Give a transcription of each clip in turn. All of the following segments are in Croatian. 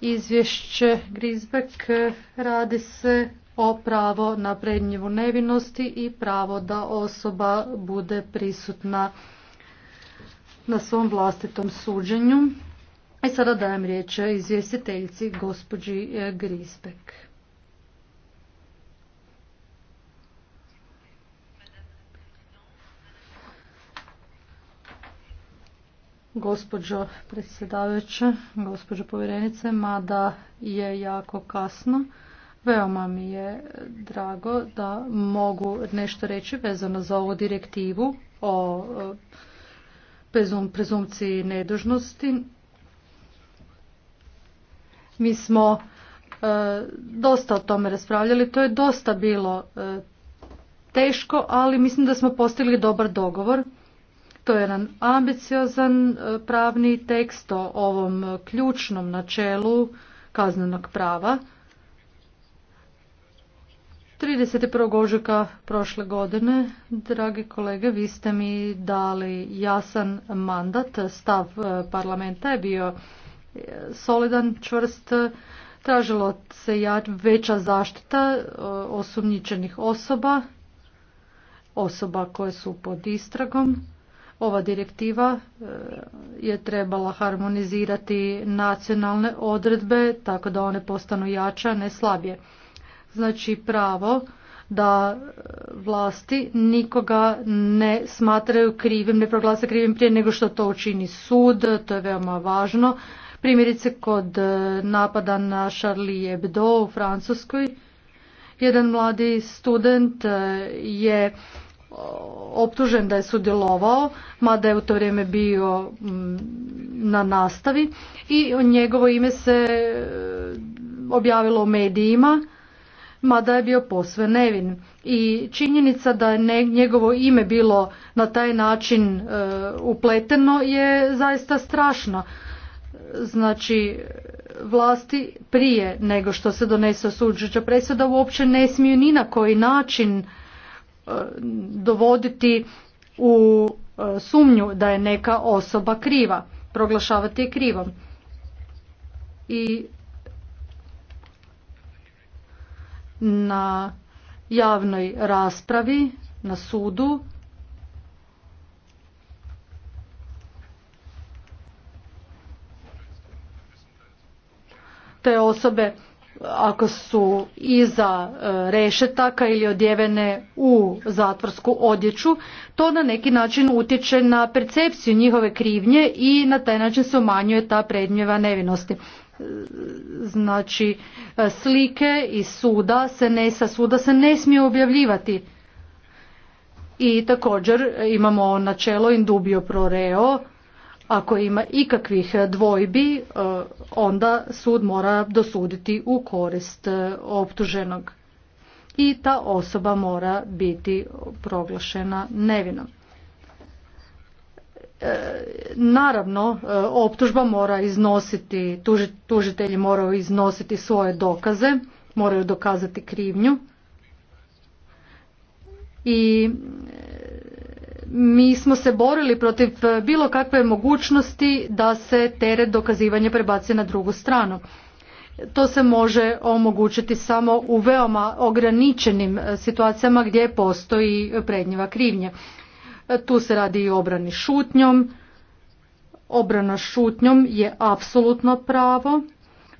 izvješće Grizbek eh, radi se o pravo na prednjivu nevinosti i pravo da osoba bude prisutna na svom vlastitom suđenju. I e, sada dajem riječ izvjestiteljici gospođi eh, Grisbek. gospođo predsjedavajuća, gospođo povjerenice, mada je jako kasno. Veoma mi je drago da mogu nešto reći vezano za ovu direktivu o e, prezumciji nedužnosti. Mi smo e, dosta o tome raspravljali, to je dosta bilo e, teško, ali mislim da smo postigli dobar dogovor. To je jedan ambiciozan e, pravni tekst o ovom e, ključnom načelu kaznenog prava. 31. ožujka prošle godine, dragi kolege, vi ste mi dali jasan mandat. Stav e, parlamenta je bio solidan, čvrst. Tražilo se veća zaštita osumnjičenih osoba, osoba koje su pod istragom. Ova direktiva e, je trebala harmonizirati nacionalne odredbe tako da one postanu jače, a ne slabije. Znači pravo da e, vlasti nikoga ne smatraju krivim, ne proglase krivim prije nego što to učini sud, to je veoma važno. Primjerice kod e, napada na Charlie Hebdo u Francuskoj, jedan mladi student je optužen da je sudjelovao, mada je u to vrijeme bio mm, na nastavi i njegovo ime se e, objavilo u medijima, mada je bio posve nevin. I činjenica da je njegovo ime bilo na taj način e, upleteno je zaista strašno. Znači, vlasti prije nego što se donese osuđujuća presuda uopće ne smiju ni na koji način E, dovoditi u e, sumnju da je neka osoba kriva, proglašavati je krivom. I na javnoj raspravi na sudu te osobe ako su iza e, rešetaka ili odjevene u zatvorsku odjeću, to na neki način utječe na percepciju njihove krivnje i na taj način se umanjuje ta prednjeva nevinosti. E, znači, e, slike iz suda se ne, sa suda se ne smije objavljivati. I također imamo načelo indubio pro reo, ako ima ikakvih dvojbi, e, onda sud mora dosuditi u korist e, optuženog i ta osoba mora biti proglašena nevinom. E, naravno, optužba mora iznositi, tužitelji moraju iznositi svoje dokaze, moraju dokazati krivnju i mi smo se borili protiv eh, bilo kakve mogućnosti da se teret dokazivanja prebaci na drugu stranu. To se može omogućiti samo u veoma ograničenim eh, situacijama gdje postoji prednjiva krivnje. Eh, tu se radi i obrani šutnjom. Obrana šutnjom je apsolutno pravo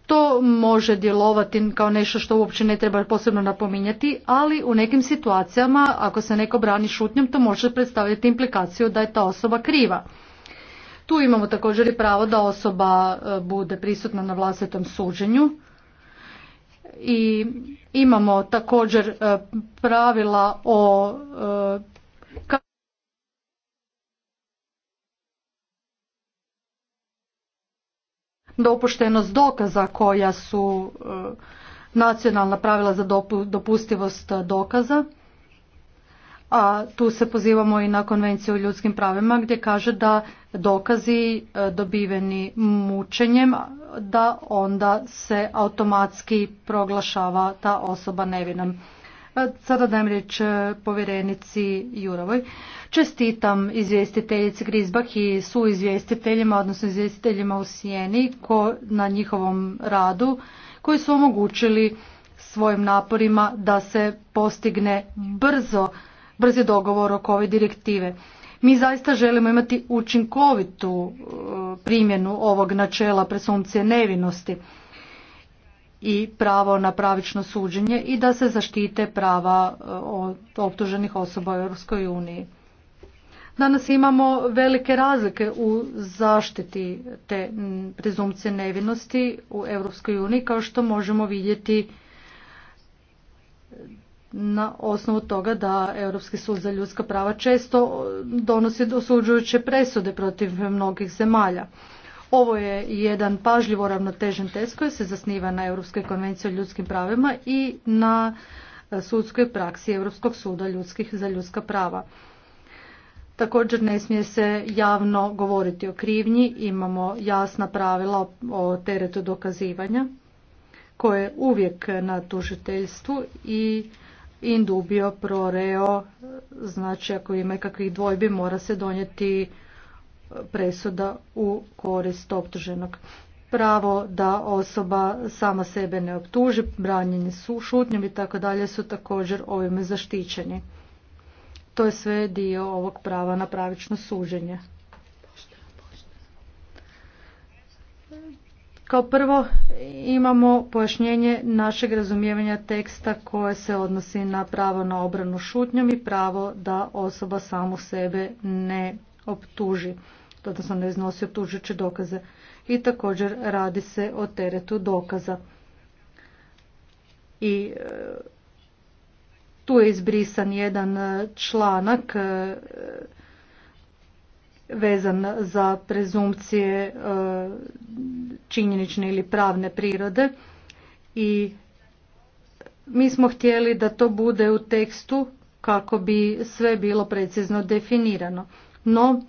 to može djelovati kao nešto što uopće ne treba posebno napominjati, ali u nekim situacijama ako se neko brani šutnjom to može predstavljati implikaciju da je ta osoba kriva. Tu imamo također i pravo da osoba e, bude prisutna na vlastitom suđenju i imamo također e, pravila o e, dopuštenost dokaza koja su e, nacionalna pravila za dopustivost dokaza a tu se pozivamo i na konvenciju o ljudskim pravima gdje kaže da dokazi e, dobiveni mučenjem da onda se automatski proglašava ta osoba nevinom sada dajem riječ e, povjerenici Jurovoj. Čestitam izvjestiteljici Grizbak i su izvjestiteljima, odnosno izvjestiteljima u Sijeni ko, na njihovom radu koji su omogućili svojim naporima da se postigne brzo, brzi dogovor oko ove direktive. Mi zaista želimo imati učinkovitu e, primjenu ovog načela presumpcije nevinosti i pravo na pravično suđenje i da se zaštite prava e, optuženih osoba u Europskoj uniji. Danas imamo velike razlike u zaštiti te prezumce nevinosti u Europskoj uniji kao što možemo vidjeti na osnovu toga da Europski sud za ljudska prava često donosi osuđujuće presude protiv mnogih zemalja. Ovo je jedan pažljivo ravnotežen test koji se zasniva na Europskoj konvenciji o ljudskim pravima i na e, sudskoj praksi Europskog suda ljudskih za ljudska prava. Također ne smije se javno govoriti o krivnji, imamo jasna pravila o teretu dokazivanja koje je uvijek na tužiteljstvu i indubio pro reo, e, znači ako ima kakvih dvojbi mora se donijeti presuda u korist optuženog. Pravo da osoba sama sebe ne optuži, branjenje su šutnjom i tako dalje su također ovime zaštićeni. To je sve dio ovog prava na pravično suženje. Kao prvo imamo pojašnjenje našeg razumijevanja teksta koje se odnosi na pravo na obranu šutnjom i pravo da osoba samu sebe ne optuži, odnosno ne iznosi optužujuće dokaze. I također radi se o teretu dokaza. I e, tu je izbrisan jedan e, članak e, vezan za prezumcije činjenične ili pravne prirode i mi smo htjeli da to bude u tekstu kako bi sve bilo precizno definirano. No,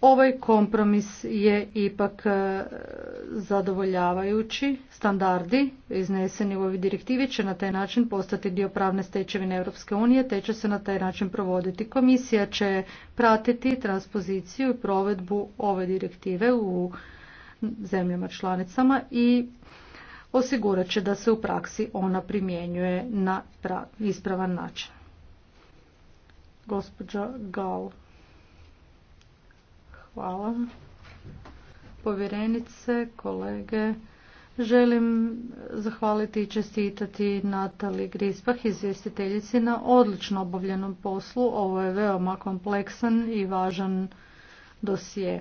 ovaj kompromis je ipak e, zadovoljavajući. Standardi izneseni u ovoj direktivi će na taj način postati dio pravne stečevine Europske unije, te će se na taj način provoditi. Komisija će pratiti transpoziciju i provedbu ove direktive u zemljama članicama i osigurat će da se u praksi ona primjenjuje na ispravan način. Gospođa Gal. Hvala. Povjerenice, kolege, želim zahvaliti i čestitati Natali Grispah, izvjestiteljici, na odlično obavljenom poslu. Ovo je veoma kompleksan i važan dosije.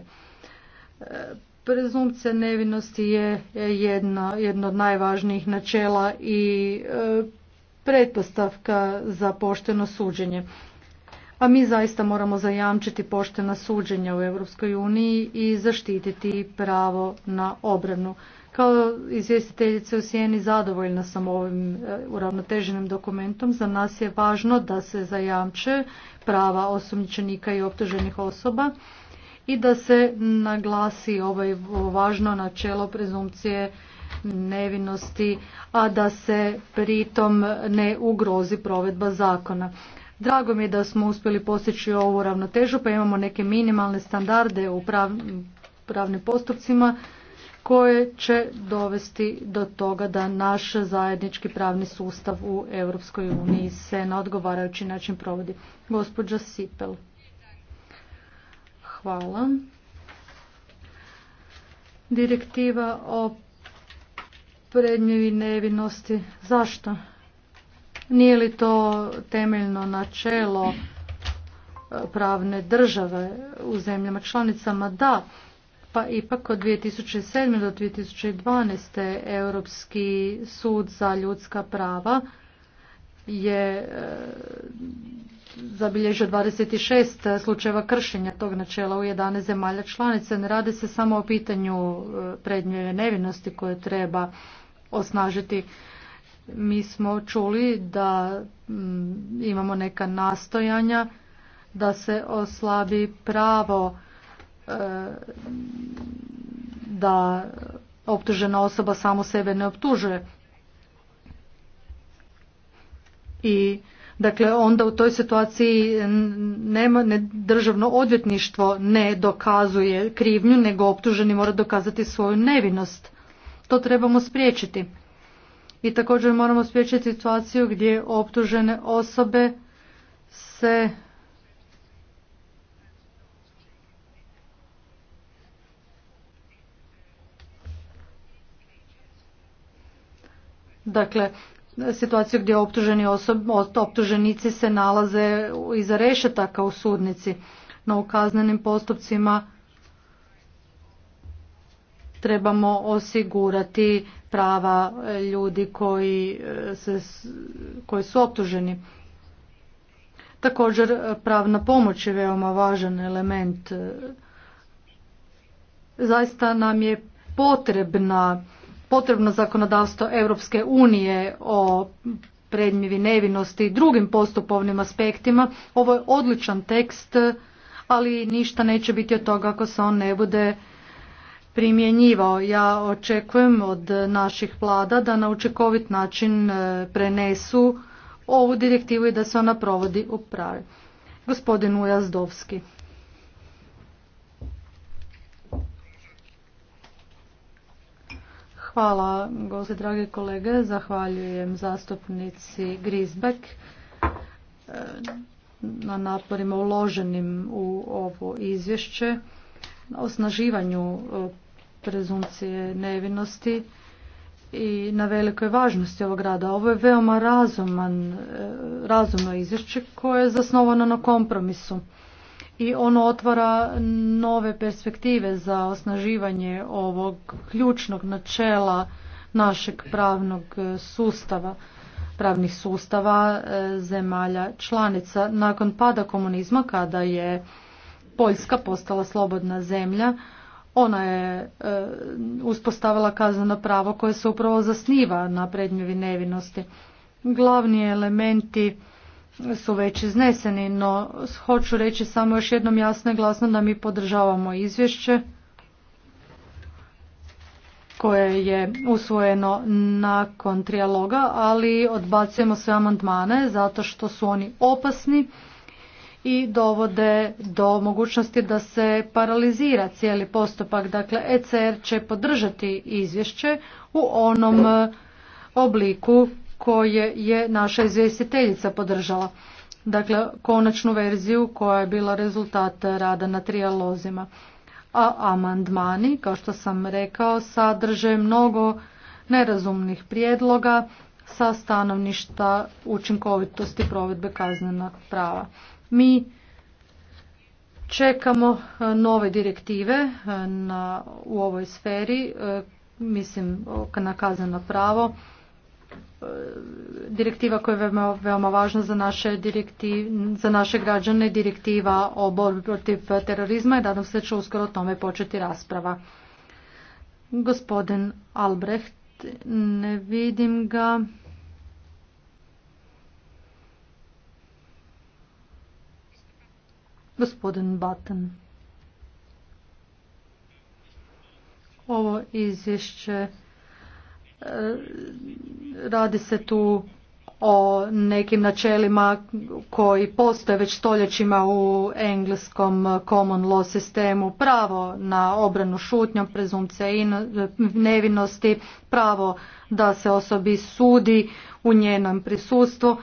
E, prezumpcija nevinosti je jedno, jedno od najvažnijih načela i e, pretpostavka za pošteno suđenje a mi zaista moramo zajamčiti poštena suđenja u Europskoj uniji i zaštititi pravo na obranu. Kao izvjestiteljice u Sijeni zadovoljna sam ovim e, uravnoteženim dokumentom. Za nas je važno da se zajamče prava osumnjičenika i optuženih osoba i da se naglasi ovaj važno načelo prezumcije nevinosti, a da se pritom ne ugrozi provedba zakona. Drago mi je da smo uspjeli postići ovu ravnotežu pa imamo neke minimalne standarde u pravnim postupcima koje će dovesti do toga da naš zajednički pravni sustav u Europskoj uniji se na odgovarajući način provodi. Gospođa Sipel. Hvala. Direktiva o prednjoj nevinosti. Zašto? Nije li to temeljno načelo e, pravne države u zemljama članicama? Da, pa ipak od 2007. do 2012. Europski sud za ljudska prava je e, zabilježio 26 slučajeva kršenja tog načela u 11 zemalja članice. Ne radi se samo o pitanju e, prednje nevinosti koje treba osnažiti mi smo čuli da mm, imamo neka nastojanja da se oslabi pravo e, da optužena osoba samo sebe ne optužuje. I dakle onda u toj situaciji nema, ne, državno odvjetništvo ne dokazuje krivnju nego optuženi mora dokazati svoju nevinost. To trebamo spriječiti i također moramo spriječiti situaciju gdje optužene osobe se Dakle, situaciju gdje optuženi osob, optuženici se nalaze iza rešetaka u sudnici, no u kaznenim postupcima trebamo osigurati prava e, ljudi koji, e, se, koji su optuženi. Također e, pravna pomoć je veoma važan element. Zaista nam je potrebna, potrebno zakonodavstvo Europske unije o predmjevi nevinosti i drugim postupovnim aspektima. Ovo je odličan tekst, ali ništa neće biti od toga ako se on ne bude primjenjivao. Ja očekujem od naših vlada da na učinkovit način e, prenesu ovu direktivu i da se ona provodi u pravi. Gospodin Ujazdovski. Hvala, gozi drage kolege. Zahvaljujem zastupnici Grizbek e, na naporima uloženim u ovo izvješće, na osnaživanju e, prezumcije nevinosti i na velikoj važnosti ovog rada. Ovo je veoma razuman, eh, razumno izvješće koje je zasnovano na kompromisu i ono otvara nove perspektive za osnaživanje ovog ključnog načela našeg pravnog eh, sustava pravnih sustava eh, zemalja članica. Nakon pada komunizma, kada je Poljska postala slobodna zemlja, ona je e, uspostavila kazneno pravo koje se upravo zasniva na prednjevi nevinosti. Glavni elementi su već izneseni, no hoću reći samo još jednom jasno i glasno da mi podržavamo izvješće koje je usvojeno nakon trijaloga, ali odbacujemo sve amandmane zato što su oni opasni i dovode do mogućnosti da se paralizira cijeli postupak. Dakle, ECR će podržati izvješće u onom e, obliku koje je naša izvjestiteljica podržala. Dakle, konačnu verziju koja je bila rezultat rada na trijalozima. A amandmani, kao što sam rekao, sadrže mnogo nerazumnih prijedloga sa stanovništa učinkovitosti provedbe kaznenog prava. Mi čekamo e, nove direktive e, na, u ovoj sferi, e, mislim na kazneno pravo, direktiva koja je veoma, veoma važna za naše, direktiv, za naše građane, direktiva o borbi protiv terorizma i nadam se da će uskoro o tome početi rasprava. Gospodin Albrecht, ne vidim ga. Gospodin Batten. Ovo izvješće e, radi se tu o nekim načelima koji postoje već stoljećima u engleskom common law sistemu. Pravo na obranu šutnjom, prezumcija nevinosti, pravo da se osobi sudi u njenom prisustvu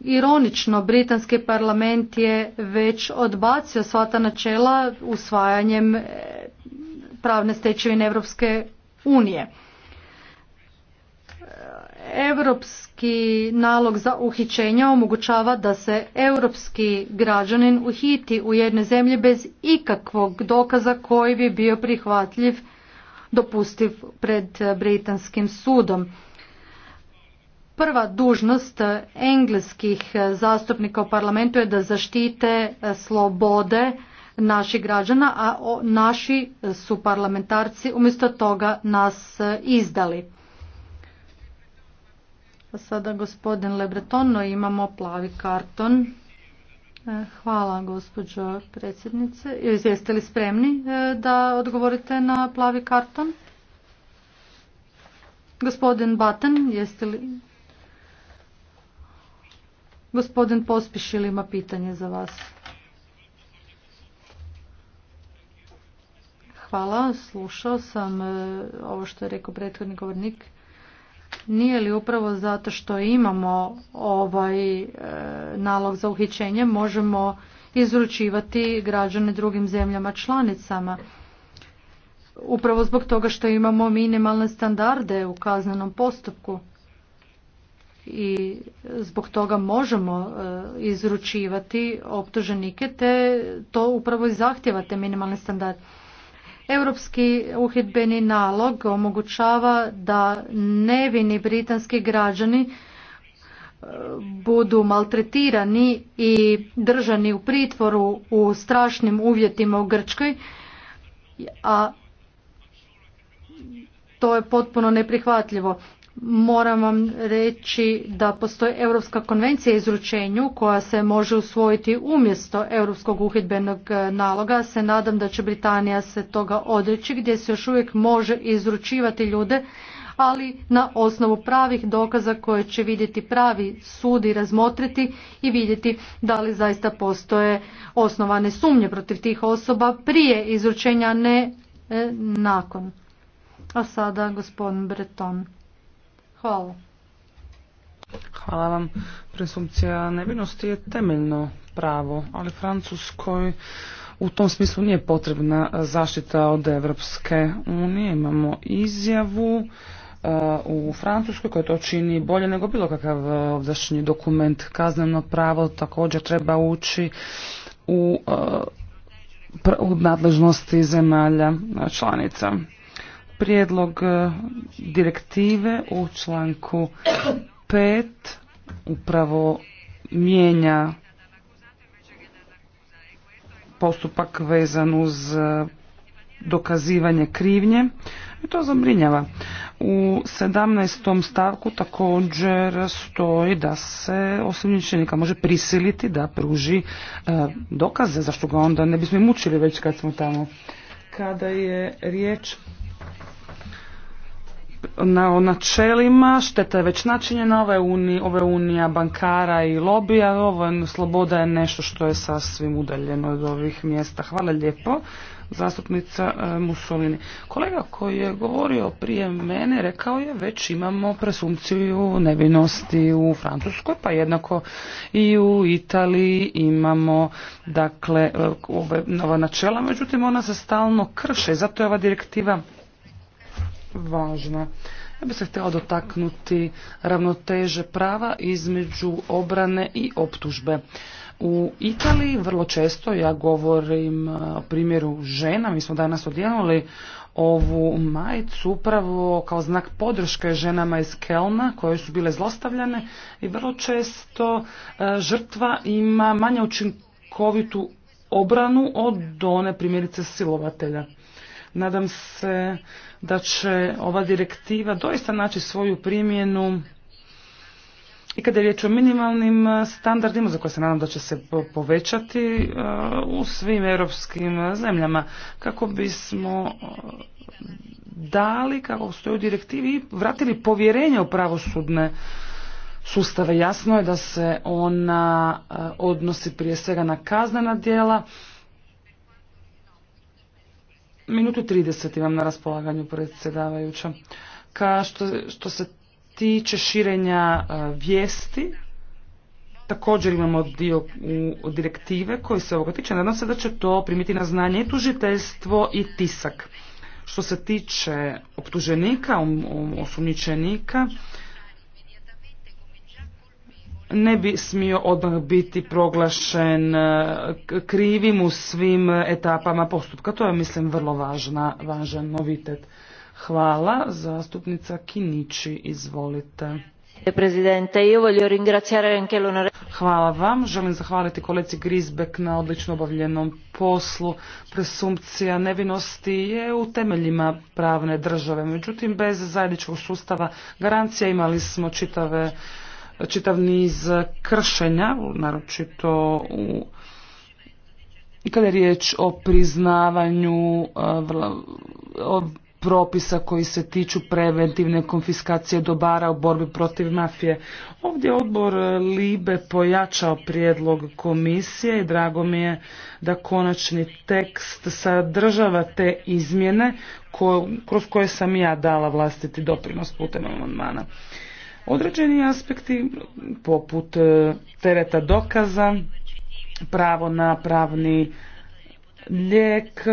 ironično, britanski parlament je već odbacio sva ta načela usvajanjem e, pravne stečevine Evropske unije. Europski nalog za uhićenja omogućava da se europski građanin uhiti u jednoj zemlji bez ikakvog dokaza koji bi bio prihvatljiv dopustiv pred britanskim sudom. Prva dužnost eh, engleskih eh, zastupnika u parlamentu je da zaštite eh, slobode naših građana, a naši su parlamentarci umjesto toga nas izdali. Sada gospodin Lebreton, no imamo plavi karton. Hvala gospođo predsjednice. Jeste li spremni da odgovorite na plavi karton? Gospodin Batten, jeste li... Gospodin Pospišil ima pitanje za vas. Hvala, slušao sam e, ovo što je rekao prethodni govornik. Nije li upravo zato što imamo ovaj e, nalog za uhićenje možemo izručivati građane drugim zemljama članicama? Upravo zbog toga što imamo minimalne standarde u kaznenom postupku i zbog toga možemo e, izručivati optuženike te to upravo i te minimalni standard. Europski uhidbeni nalog omogućava da nevini britanski građani e, budu maltretirani i držani u pritvoru u strašnim uvjetima u Grčkoj, a to je potpuno neprihvatljivo. Moram vam reći da postoji Europska konvencija o izručenju koja se može usvojiti umjesto Europskog uhidbenog e, naloga. Se nadam da će Britanija se toga odreći gdje se još uvijek može izručivati ljude, ali na osnovu pravih dokaza koje će vidjeti pravi sud i razmotriti i vidjeti da li zaista postoje osnovane sumnje protiv tih osoba prije izručenja, ne e, nakon. A sada gospodin Breton. Hvala. Hvala vam. Presumpcija nevinosti je temeljno pravo, ali Francuskoj u tom smislu nije potrebna zaštita od Evropske unije. Imamo izjavu uh, u Francuskoj koja to čini bolje nego bilo kakav uh, ovdašnji dokument. Kazneno pravo također treba ući u, uh, u nadležnosti zemalja članica prijedlog e, direktive u članku 5 upravo mijenja postupak vezan uz e, dokazivanje krivnje. I to zabrinjava. U 17. stavku također stoji da se osumnjičenika može prisiliti da pruži e, dokaze, zašto ga onda ne bismo mučili već kad smo tamo. Kada je riječ na načelima, šteta je već načinjena, ova unije, ove unija bankara i lobija, ovo je sloboda je nešto što je sasvim udaljeno od ovih mjesta. Hvala lijepo, zastupnica e, Musolini. Kolega koji je govorio prije mene rekao je već imamo presumpciju nevinosti u Francuskoj, pa jednako i u Italiji imamo dakle e, ove nova načela, međutim ona se stalno krše, zato je ova direktiva Važno. Ja bih se htjela dotaknuti ravnoteže prava između obrane i optužbe. U Italiji vrlo često, ja govorim e, o primjeru žena, mi smo danas odjenuli ovu majicu upravo kao znak podrške ženama iz Kelna koje su bile zlostavljane i vrlo često e, žrtva ima manje učinkovitu obranu od one primjerice silovatelja. Nadam se da će ova direktiva doista naći svoju primjenu i kada je riječ o minimalnim e, standardima, za koje se nadam da će se povećati e, u svim europskim zemljama, kako bismo e, dali, kako stoji u direktivi, vratili povjerenje u pravosudne sustave. Jasno je da se ona odnosi prije svega na kaznena djela, Minutu 30 imam na raspolaganju predsjedavajuća. Ka što, što se tiče širenja e, vijesti, također imamo dio u direktive koji se ovoga tiče. Nadam se da će to primiti na znanje i tužiteljstvo i tisak. Što se tiče optuženika, um, um, osumnjičenika, ne bi smio odmah biti proglašen e, krivim u svim etapama postupka. To je, mislim, vrlo važna, važan novitet. Hvala. Zastupnica Kinići, izvolite. Hvala vam. Želim zahvaliti koleci Grisbeck na odlično obavljenom poslu. Presumpcija nevinosti je u temeljima pravne države. Međutim, bez zajedničkog sustava garancija imali smo čitave čitav niz kršenja, naročito u kada je riječ o priznavanju e, propisa koji se tiču preventivne konfiskacije dobara u borbi protiv mafije. Ovdje odbor e, Libe pojačao prijedlog komisije i drago mi je da konačni tekst sadržava te izmjene kroz koje sam ja dala vlastiti doprinos putem amandmana. Određeni aspekti poput e, tereta dokaza, pravo na pravni lijek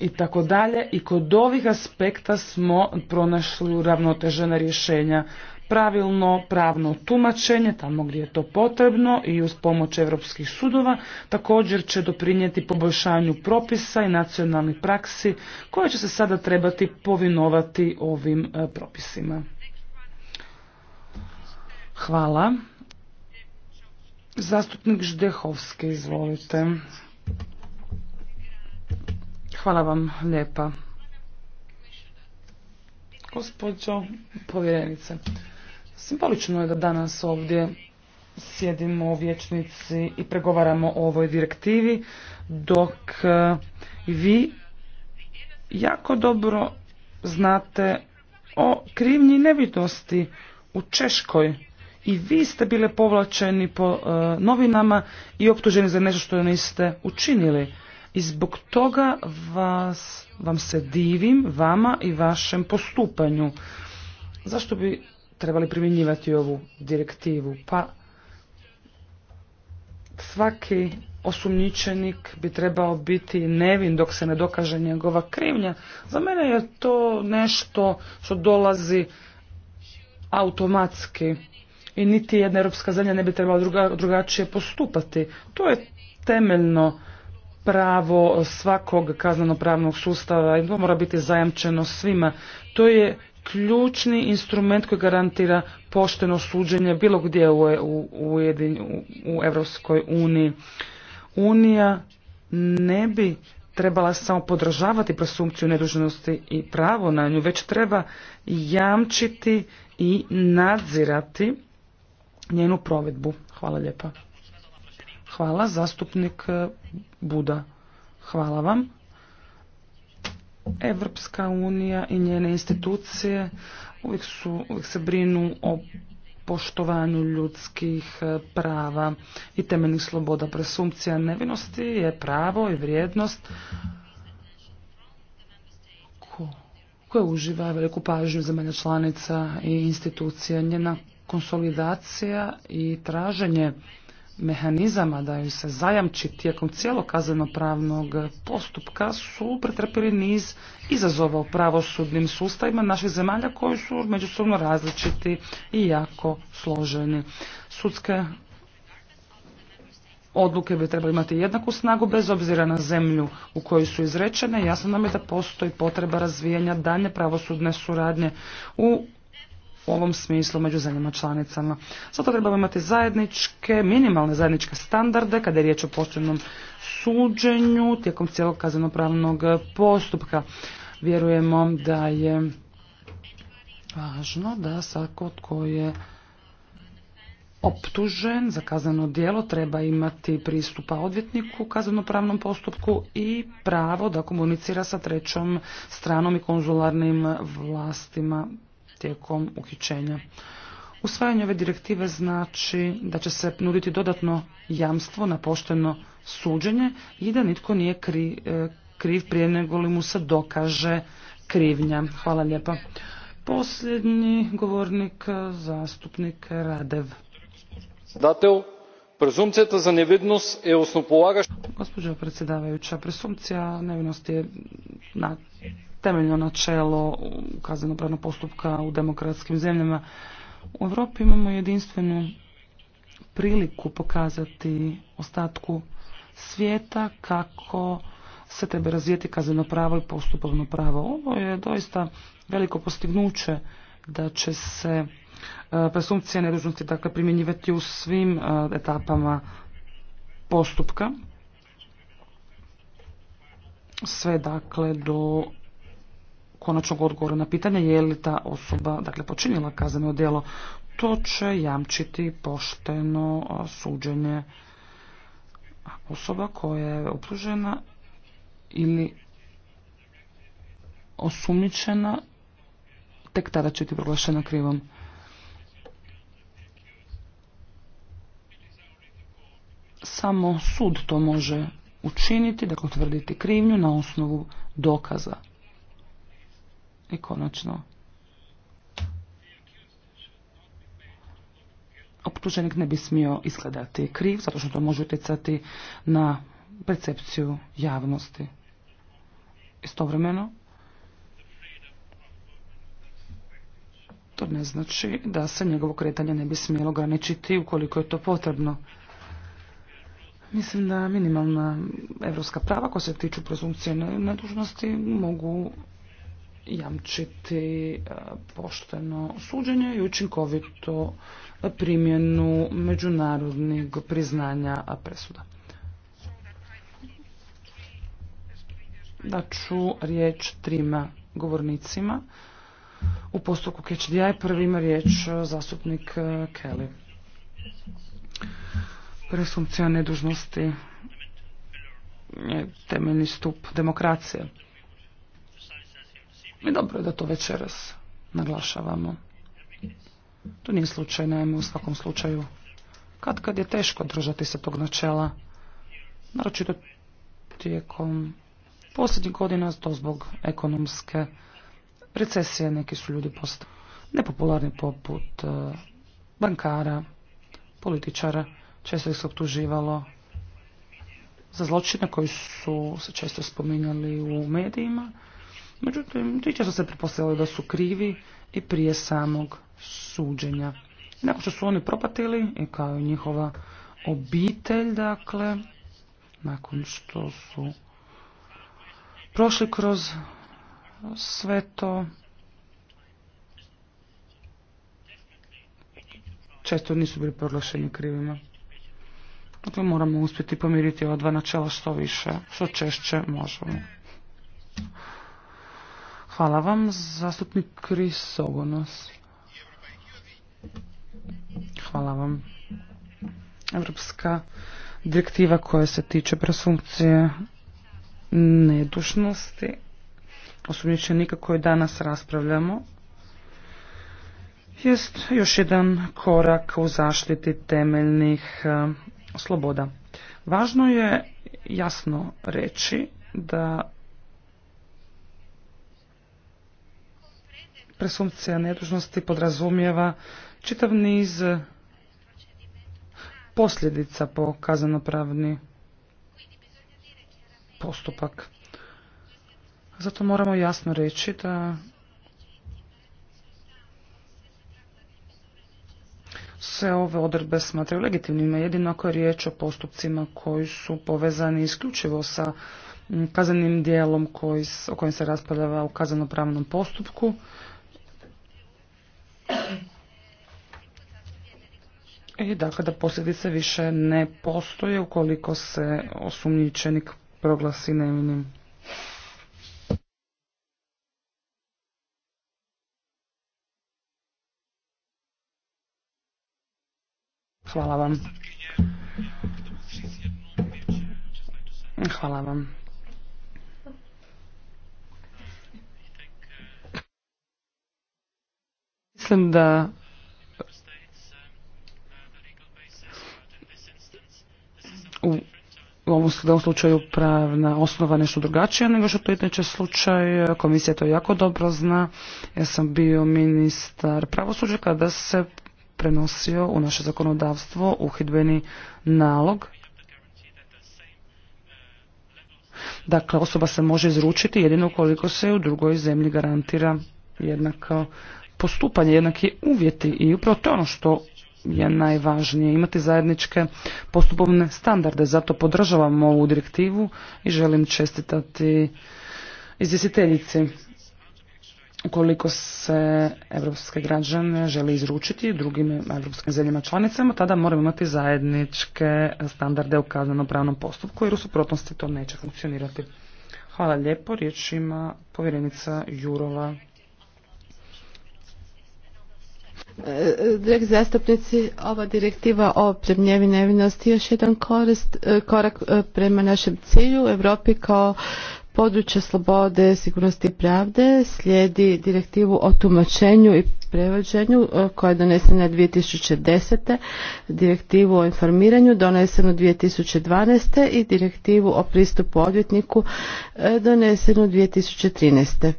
i tako dalje i kod ovih aspekta smo pronašli uravnotežena rješenja pravilno pravno tumačenje tamo gdje je to potrebno i uz pomoć europskih sudova također će doprinijeti poboljšanju propisa i nacionalnih praksi koje će se sada trebati povinovati ovim e, propisima. Hvala. Zastupnik Ždehovski, izvolite. Hvala vam lijepa. Gospodjo, povjerenice, simbolično je da danas ovdje sjedimo u vječnici i pregovaramo o ovoj direktivi, dok e, vi jako dobro znate o krivnji nevidnosti u Češkoj i vi ste bile povlačeni po e, novinama i optuženi za nešto što niste učinili. I zbog toga vas, vam se divim, vama i vašem postupanju. Zašto bi trebali primjenjivati ovu direktivu? Pa svaki osumnjičenik bi trebao biti nevin dok se ne dokaže njegova krivnja. Za mene je to nešto što dolazi automatski i niti jedna europska zemlja ne bi trebala drugačije postupati. To je temeljno pravo svakog kaznenopravnog sustava i to mora biti zajamčeno svima. To je ključni instrument koji garantira pošteno suđenje bilo gdje u, e, u, u, u Europskoj uniji. Unija ne bi trebala samo podržavati presumpciju nedužnosti i pravo na nju, već treba jamčiti i nadzirati njenu provedbu. Hvala lijepa. Hvala, zastupnik e, Buda. Hvala vam. Evropska unija i njene institucije uvijek, su, uvijek se brinu o poštovanju ljudskih e, prava i temeljnih sloboda. Presumpcija nevinosti je pravo i vrijednost koja uživa veliku pažnju zemalja članica i institucija. Njena konsolidacija i traženje mehanizama da ju se zajamči tijekom cijelog pravnog postupka su pretrpili niz izazova u pravosudnim sustavima naših zemalja koji su međusobno različiti i jako složeni. Sudske odluke bi trebali imati jednaku snagu bez obzira na zemlju u kojoj su izrečene. Jasno nam je da postoji potreba razvijanja danje pravosudne suradnje u u ovom smislu među zemljama članicama. Zato trebamo imati zajedničke, minimalne zajedničke standarde kada je riječ o poštenom suđenju tijekom cijelog kaznenopravnog postupka. Vjerujemo da je važno da svako tko je optužen za kazneno djelo treba imati pristupa odvjetniku u kaznenopravnom postupku i pravo da komunicira sa trećom stranom i konzularnim vlastima tijekom uhićenja. Usvajanje ove direktive znači da će se nuditi dodatno jamstvo na pošteno suđenje i da nitko nije kriv, e, kriv prije nego li mu se dokaže krivnja. Hvala lijepa. Posljednji govornik, zastupnik Radev. Datel, prezumcijata za nevidnost je osnopolagaš... Gospođo predsjedavajuća, presumpcija nevinosti je na temeljno načelo kaznenopravnog postupka u demokratskim zemljama. U Europi imamo jedinstvenu priliku pokazati ostatku svijeta kako se treba razvijeti kazneno pravo i postupovno pravo. Ovo je doista veliko postignuće da će se e, presumpcija nedužnosti dakle, primjenjivati u svim e, etapama postupka sve dakle do konačnog odgovora na pitanje je li ta osoba dakle, počinila kazneno djelo. To će jamčiti pošteno suđenje osoba koja je optužena ili osumničena, tek tada će biti proglašena krivom. Samo sud to može učiniti, dakle utvrditi krivnju na osnovu dokaza. I konačno, optuženik ne bi smio izgledati kriv, zato što to može utjecati na percepciju javnosti. Istovremeno, to ne znači da se njegovo kretanje ne bi smjelo ograničiti ukoliko je to potrebno. Mislim da minimalna evropska prava koja se tiču prezumcije nedužnosti mogu jamčiti e, pošteno suđenje i učinkovito primjenu međunarodnih priznanja presuda. Daću riječ trima govornicima. U postupku KDI, prvi ima riječ zastupnik e, Kelly. Presumpcija nedužnosti je temeljni stup demokracije. Mi dobro je da to večeras naglašavamo. To nije slučaj, naime, u svakom slučaju. Kad kad je teško držati se tog načela, naročito tijekom posljednjih godina, to zbog ekonomske recesije, neki su ljudi postali nepopularni poput e, bankara, političara, često ih se optuživalo za zločine koji su se često spominjali u medijima Međutim, ti često se pretpostavljali da su krivi i prije samog suđenja. Nakon što su oni propatili, i kao i njihova obitelj, dakle, nakon što su prošli kroz sve to, često nisu bili proglašeni krivima. Dakle, moramo uspjeti pomiriti ova dva načela što više, što češće možemo. Hvala vam, zastupnik Ogonos. Hvala vam. Evropska direktiva koja se tiče presumpcije nedušnosti nikako je danas raspravljamo jest još jedan korak u zaštiti temeljnih e, sloboda. Važno je jasno reći da presumpcija nedužnosti podrazumijeva čitav niz posljedica po pravni postupak. Zato moramo jasno reći da se ove odredbe smatraju legitimnima, jedino ako je riječ o postupcima koji su povezani isključivo sa mm, kazanim dijelom koji, o kojem se raspravljava u kaznenopravnom postupku, I dakle da posljedice više ne postoje ukoliko se osumnjičenik proglasi nevinim. Hvala vam. Hvala vam. Mislim da u ovom, u slučaju pravna osnova nešto drugačija nego što to inače slučaj. Komisija to jako dobro zna. Ja sam bio ministar pravosuđa kada se prenosio u naše zakonodavstvo uhidbeni nalog. Dakle, osoba se može izručiti jedino ukoliko se u drugoj zemlji garantira jednako postupanje, jednaki uvjeti i upravo to je ono što je najvažnije imati zajedničke postupovne standarde. Zato podržavam ovu direktivu i želim čestitati izvjestiteljici. Ukoliko se evropske građane želi izručiti drugim evropskim zemljama članicama, tada moramo imati zajedničke standarde u kaznenom pravnom postupku, jer u suprotnosti to neće funkcionirati. Hvala lijepo, riječ ima povjerenica Jurova. Dragi zastupnici, ova direktiva o premjevi nevinosti je još jedan e, korak e, prema našem cilju. Europi kao područje slobode, sigurnosti i pravde slijedi direktivu o tumačenju i prevođenju e, koja je donesena 2010. direktivu o informiranju donesenu 2012. i direktivu o pristupu odvjetniku donesenu 2013.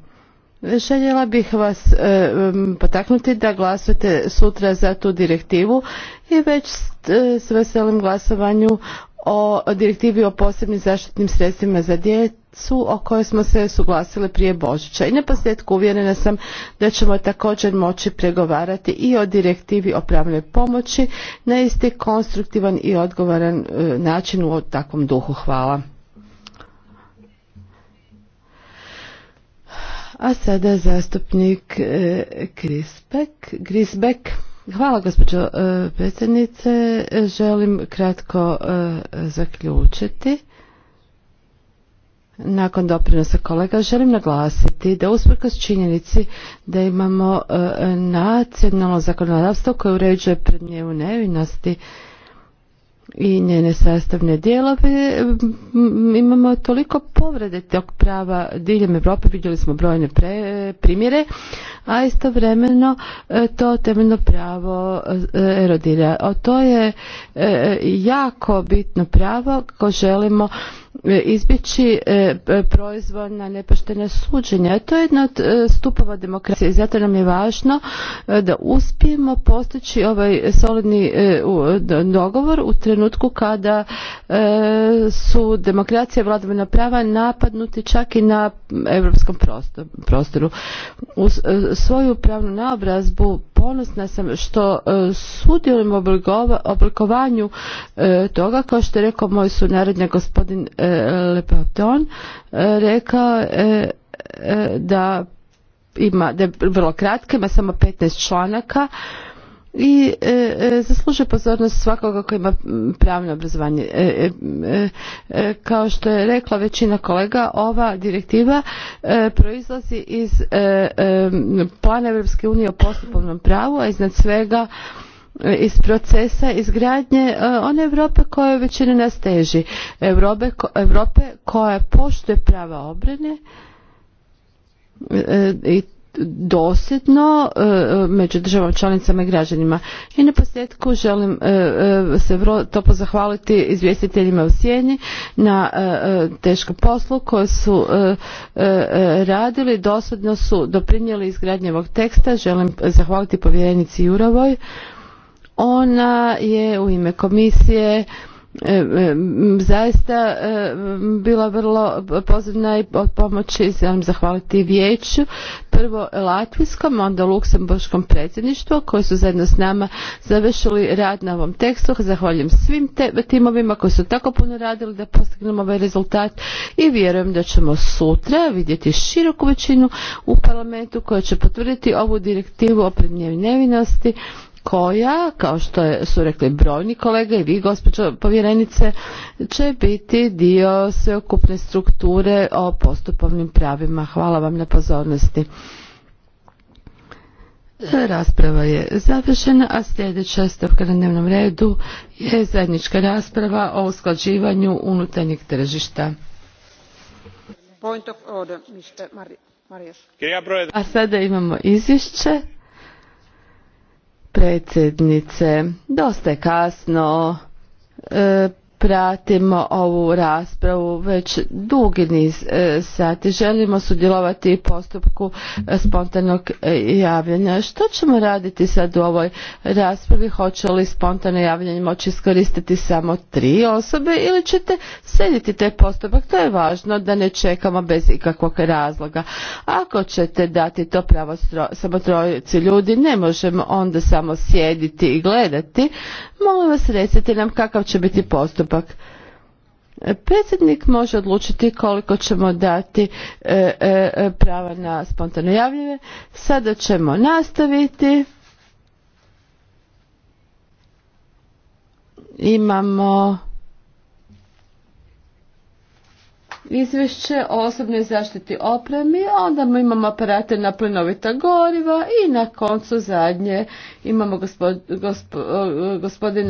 Željela bih vas e, potaknuti da glasujete sutra za tu direktivu i već e, s veselim glasovanju o direktivi o posebnim zaštitnim sredstvima za djecu o kojoj smo se suglasili prije Božića. I naposljetku uvjerena sam da ćemo također moći pregovarati i o direktivi o pravnoj pomoći na isti konstruktivan i odgovoran e, način u takvom duhu. Hvala. A sada zastupnik Grisbek. E, Hvala gospođo e, predsjednice. Želim kratko e, zaključiti. Nakon doprinosa kolega želim naglasiti da usprkos činjenici da imamo nacionalno zakonodavstvo koje uređuje prednje nevinosti, i njene sastavne dijelove imamo toliko povrede tog prava diljem Europe, vidjeli smo brojne primjere, a istovremeno e, to temeljno pravo e, erodira. O to je e, jako bitno pravo ako želimo E, izbjeći e, proizvoljna nepoštena suđenja. E, to je jedna od stupova demokracije i zato nam je važno da uspijemo postići ovaj solidni dogovor u trenutku kada su demokracija i prava napadnuti čak i na europskom prostoru. Uz svoju pravnu naobrazbu ponosna sam što e, sudjelujem u oblikovanju e, toga, kao što je rekao moj sunarodnjak gospodin e, Lepoton, rekao da ima, da vrlo kratka, ima samo 15 članaka, i e, e, zaslužuje pozornost svakoga koji ima pravno obrazovanje. E, e, e, kao što je rekla većina kolega, ova direktiva proizlazi iz plana Europske unije o postupovnom pravu, a iznad svega iz procesa izgradnje one Europe koja većina nas teži. Europe, Europe koja poštuje prava obrane i dosljedno e, među državama članicama i građanima. I na posljedku želim e, e, se vrlo topo zahvaliti izvjestiteljima u Sjeni na teškom poslu koje su radili. dosadno su doprinijeli izgradnje ovog teksta. Želim zahvaliti povjerenici Jurovoj. Ona je u ime komisije E, e, zaista e, bila vrlo pozivna i od pomoći želim zahvaliti vijeću prvo latvijskom onda luksemburškom predsjedništvu koji su zajedno s nama završili rad na ovom tekstu zahvaljujem svim timovima koji su tako puno radili da postignemo ovaj rezultat i vjerujem da ćemo sutra vidjeti široku većinu u parlamentu koja će potvrditi ovu direktivu o prednjevi nevinosti koja, kao što su rekli brojni kolege i vi gospođo povjerenice, će biti dio sveokupne strukture o postupovnim pravima. Hvala vam na pozornosti. Rasprava je završena, a sljedeća stavka na dnevnom redu je zajednička rasprava o usklađivanju unutarnjeg tržišta. A sada imamo izvješće predsjednice. Dosta je kasno. E, pratimo ovu raspravu već dugi niz e, sati. Želimo sudjelovati u postupku e, spontanog e, javljanja. Što ćemo raditi sad u ovoj raspravi? Hoće li spontano javljanje moći iskoristiti samo tri osobe ili ćete sjediti taj postupak? To je važno da ne čekamo bez ikakvog razloga. Ako ćete dati to pravo samo trojici ljudi, ne možemo onda samo sjediti i gledati. Molim vas recite nam kakav će biti postupak postupak. Predsjednik može odlučiti koliko ćemo dati e, e, e, prava na spontano javljanje. Sada ćemo nastaviti. Imamo izvješće o osobnoj zaštiti opremi, onda imamo aparate na plinovita goriva i na koncu zadnje imamo gospod,